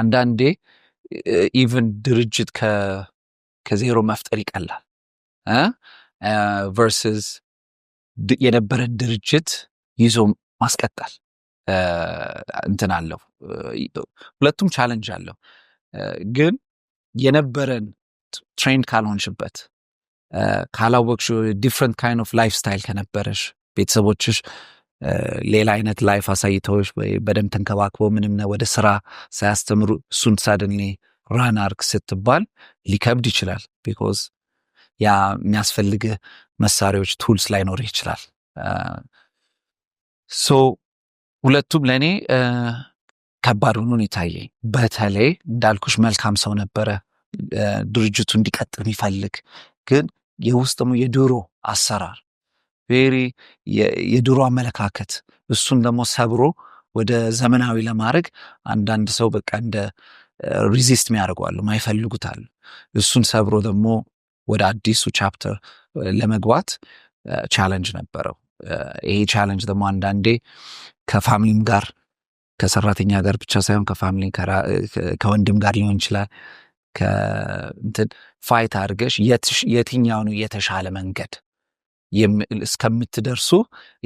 አንዳንዴ ኢቨን ድርጅት ከዜሮ መፍጠር ይቀላል ቨርስስ የነበረን ድርጅት ይዞ ማስቀጠል እንትን አለው። ሁለቱም ቻለንጅ አለው። ግን የነበረን ትሬንድ ካልሆንሽበት ካላወቅሽ ዲፍረንት ካይን ኦፍ ላይፍ ስታይል ከነበረሽ ቤተሰቦችሽ ሌላ አይነት ላይፍ አሳይተዎች በደንብ ተንከባክበው ምንም ወደ ስራ ሳያስተምሩ እሱን ሳደንሌ ራን አርክ ስትባል ሊከብድ ይችላል። ቢኮዝ ያ የሚያስፈልግህ መሳሪያዎች ቱልስ ላይኖር ይችላል። ሶ ሁለቱም ለእኔ ከባድ ሆኖ ይታየኝ። በተለይ እንዳልኩሽ መልካም ሰው ነበረ፣ ድርጅቱ እንዲቀጥል የሚፈልግ ግን የውስጥ የድሮ አሰራር ቬሪ የድሮ አመለካከት እሱን ደግሞ ሰብሮ ወደ ዘመናዊ ለማድረግ አንዳንድ ሰው በቃ እንደ ሪዚስት የሚያደርጓሉ ማይፈልጉታል። እሱን ሰብሮ ደግሞ ወደ አዲሱ ቻፕተር ለመግባት ቻለንጅ ነበረው። ይሄ ቻለንጅ ደግሞ አንዳንዴ ከፋሚሊም ጋር ከሰራተኛ ጋር ብቻ ሳይሆን ከፋሚሊ ከወንድም ጋር ሊሆን ይችላል። ከእንትን ፋይት አድርገሽ የትኛው ነው የተሻለ መንገድ እስከምትደርሱ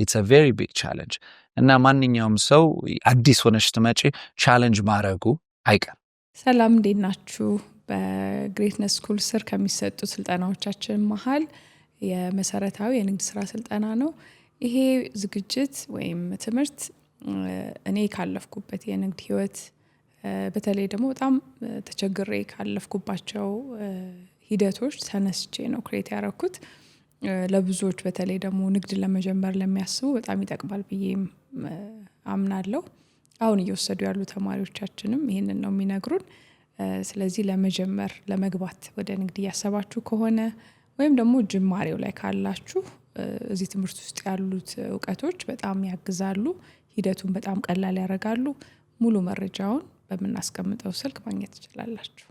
ኢትስ ቬሪ ቢግ ቻለንጅ እና ማንኛውም ሰው አዲስ ሆነሽ ትመጪ ቻለንጅ ማድረጉ አይቀርም። ሰላም፣ እንዴት ናችሁ? በግሬትነስ ስኩል ስር ከሚሰጡ ስልጠናዎቻችን መሀል የመሰረታዊ የንግድ ስራ ስልጠና ነው። ይሄ ዝግጅት ወይም ትምህርት እኔ ካለፍኩበት የንግድ ህይወት በተለይ ደግሞ በጣም ተቸግሬ ካለፍኩባቸው ሂደቶች ተነስቼ ነው ክሬት ያረኩት። ለብዙዎች በተለይ ደግሞ ንግድ ለመጀመር ለሚያስቡ በጣም ይጠቅማል ብዬም አምናለሁ። አሁን እየወሰዱ ያሉ ተማሪዎቻችንም ይህንን ነው የሚነግሩን። ስለዚህ ለመጀመር ለመግባት ወደ ንግድ እያሰባችሁ ከሆነ ወይም ደግሞ ጅማሬው ላይ ካላችሁ እዚህ ትምህርት ውስጥ ያሉት እውቀቶች በጣም ያግዛሉ ሂደቱን በጣም ቀላል ያደርጋሉ። ሙሉ መረጃውን በምናስቀምጠው ስልክ ማግኘት ትችላላችሁ